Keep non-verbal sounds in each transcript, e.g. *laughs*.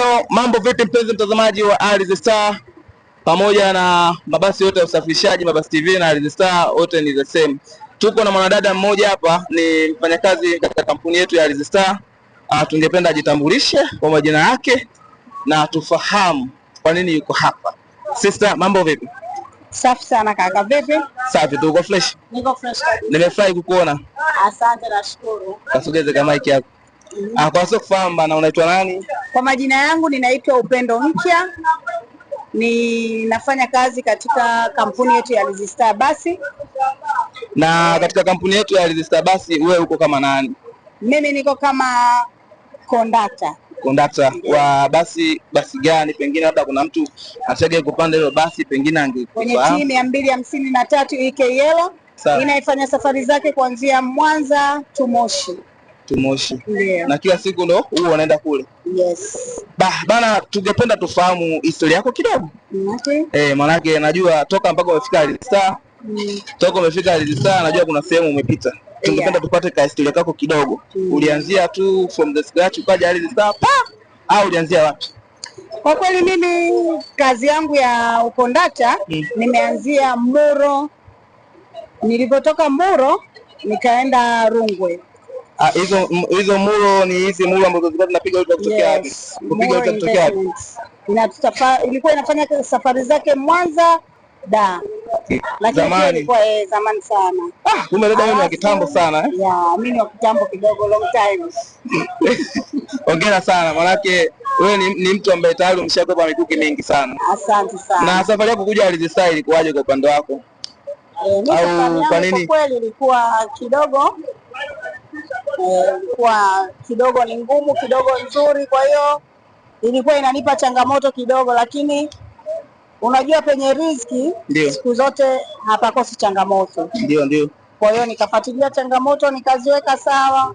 Hello, mambo vipi mpenzi mtazamaji wa Ardhi Star pamoja na mabasi yote ya usafirishaji, Mabasi TV na Ardhi Star wote ni the same. Tuko na mwanadada mmoja hapa, ni mfanyakazi katika kampuni yetu ya Ardhi Star. Ah, tungependa ajitambulishe kwa majina yake na tufahamu kwa nini yuko hapa. Sister, mambo vipi? Safi sana kaka, vipi? Safi tu, uko fresh? Niko fresh kabisa. Nimefurahi kukuona. Asante, nashukuru. Kasogeze kama mic yako Akaweza ah, kufahamu na unaitwa nani? Kwa majina yangu ninaitwa Upendo Mkya, ninafanya kazi katika kampuni yetu ya Alizee Basi. Na katika kampuni yetu ya Alizee Basi, wewe uko kama nani? Mimi niko kama kondakta kondakta wa basi. Basi gani? Pengine labda kuna mtu anataka kupanda hilo basi, pengine angekwenye timu mia mbili hamsini na EKL inaifanya safari zake kuanzia Mwanza tu Moshi. Kimoshi Na kila siku ndo huo unaenda kule yes. bana, tungependa tufahamu historia yako kidogo Eh, manake najua toka mpaka umefika Alista. mm. Toka umefika Alista najua kuna sehemu umepita tungependa Tupate ka historia yako kidogo mm. Ulianzia tu from the scratch ukaja Alista pa au ulianzia wapi? Kwa kweli mimi kazi yangu ya ukondata mm. nimeanzia Muro, nilipotoka Muro nikaenda Rungwe Ah, hizo hizo muro ni hizi mulo ambazo zilikuwa zinapiga huko kutokea wapi? Kupiga huko kutokea wapi? ilikuwa inafanya safari zake Mwanza da. Lakini zamani ilikuwa eh, zamani sana. Ah, kumbe dada wewe ni kitambo sana eh? Yeah, mimi ni wa kitambo kidogo long time. *laughs* Hongera sana manake wewe ni, ni mtu ambaye tayari umeshakopa mikuki mingi sana. Asante sana. Na safari yako kuja Alizisai ilikuwaje kwa upande wako? Eh, au kwa nini? Kweli ilikuwa kidogo kwa kidogo ni ngumu, kidogo nzuri, kwa hiyo ilikuwa inanipa changamoto kidogo, lakini unajua penye riziki siku zote hapakosi changamoto. Ndio, ndio. Kwa hiyo nikafuatilia changamoto nikaziweka sawa.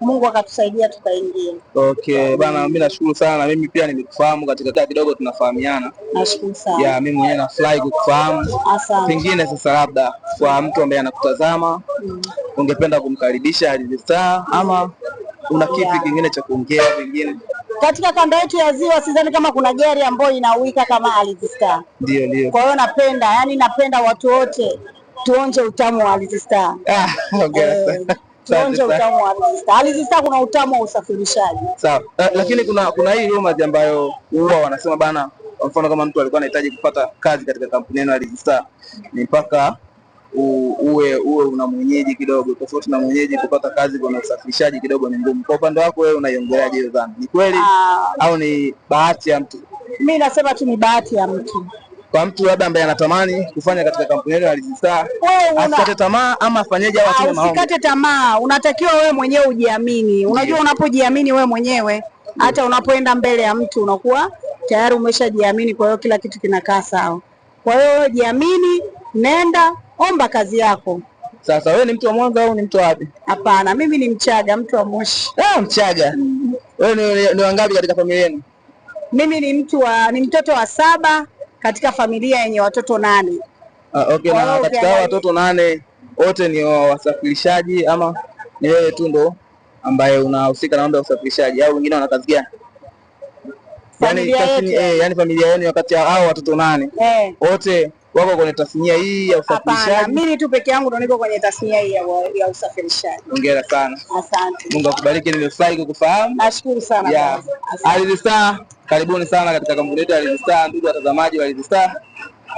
Mungu akatusaidia tukaingia. Okay, bana, mimi nashukuru sana. Mimi pia nilikufahamu katika kila kidogo, tunafahamiana. Nashukuru sana. Yeah, mimi mwenyewe nafurahi kukufahamu. Pengine sasa, labda kwa mtu ambaye anakutazama mm. ungependa kumkaribisha Alize Star ama una kipi yeah. kingine cha kuongea pengine katika kanda yetu ya Ziwa sidhani kama kuna gari ambayo inawika kama Alize Star. Ndio, ndio. Kwa hiyo napenda, yani napenda watu wote tuonje utamu wa Alize Star. Ah, okay. Eh, Kuonja utamu wa alizista. sasa kuna utamu wa usafirishaji. Sawa. Lakini kuna kuna hii rumors ambayo huwa wanasema bana, kwa mfano kama mtu alikuwa anahitaji kupata kazi katika kampuni yenu alizista, ni mpaka uwe uwe una mwenyeji kidogo, tofauti na mwenyeji kupata kazi kwa usafirishaji kidogo ni ngumu. Kwa upande wako wewe unaiongeleaje hiyo dhana? Ni kweli ah. au ni bahati ya mtu? Mimi nasema tu ni bahati ya mtu kwa mtu labda ambaye anatamani kufanya katika kampuni yetu ya Rising Star, asikate tamaa ama afanyeje? Au atume ah, maombi. Usikate tamaa, unatakiwa wewe mwenyewe ujiamini. Unajua, unapojiamini wewe mwenyewe hata unapoenda mbele ya mtu unakuwa tayari umeshajiamini, kwa hiyo kila kitu kinakaa sawa. Kwa hiyo jiamini, nenda omba kazi yako. Sasa wewe ni mtu wa Mwanza au ni mtu wapi? Hapana, mimi ni Mchaga, mtu wa Moshi. Ah, Mchaga. Mm. Wewe ni, ni, ni wangapi katika familia yenu? Mimi ni mtu wa, ni mtoto wa saba katika familia yenye watoto nane. Ah, okay, na katika hao watoto nane wote ni wasafirishaji ama ni wewe tu ndo ambaye unahusika na mambo ya usafirishaji au wengine wana kazi gani? Yaani familia eh, yaani yenu wakati hao watoto nane eh. wote wako kwenye tasnia hii ya usafirishaji? Hapana, mimi tu peke yangu ndo niko kwenye tasnia hii ya, ya usafirishaji. Hongera sana. Asante. Mungu akubariki, nimefurahi kukufahamu. Nashukuru sana. Yeah. Alizee Star, karibuni sana katika kampuni yetu ya Alizee Star, ndugu watazamaji wa Alizee Star.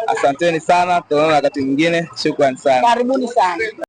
Asanteni sana, tutaonana wakati mwingine. Shukrani sana. Karibuni sana.